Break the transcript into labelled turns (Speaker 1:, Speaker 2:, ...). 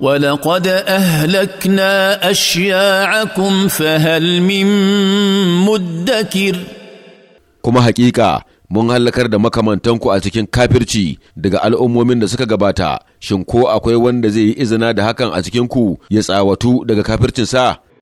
Speaker 1: ولقد اهلكنا اشياعكم فهل من
Speaker 2: مدكر kuma haƙiƙa mun halakar da makamantanku a cikin kafirci daga al'ummomin da suka gabata shin ko akwai wanda zai yi izina da hakan a cikinku ya tsawatu daga kafircinsa